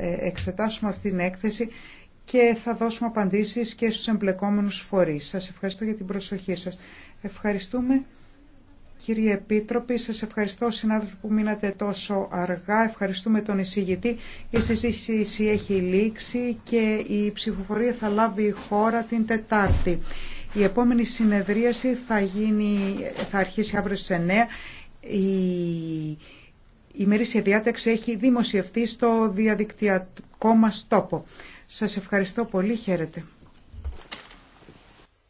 Ε, εξετάσουμε αυτή την έκθεση και θα δώσουμε απαντήσεις και στους εμπλεκόμενους φορείς. Σας ευχαριστώ για την προσοχή σας. Ευχαριστούμε. Κύριε Επίτροπη, σας ευχαριστώ συνάδελφοι που μείνατε τόσο αργά. Ευχαριστούμε τον εισηγητή. Η συζήτηση έχει λήξει και η ψηφοφορία θα λάβει η χώρα την Τετάρτη. Η επόμενη συνεδρίαση θα, γίνει, θα αρχίσει αύριο στις 9. Η ημερήσια διάταξη έχει δημοσιευτεί στο διαδικτυακό μας τόπο. Σας ευχαριστώ πολύ. Χαίρετε.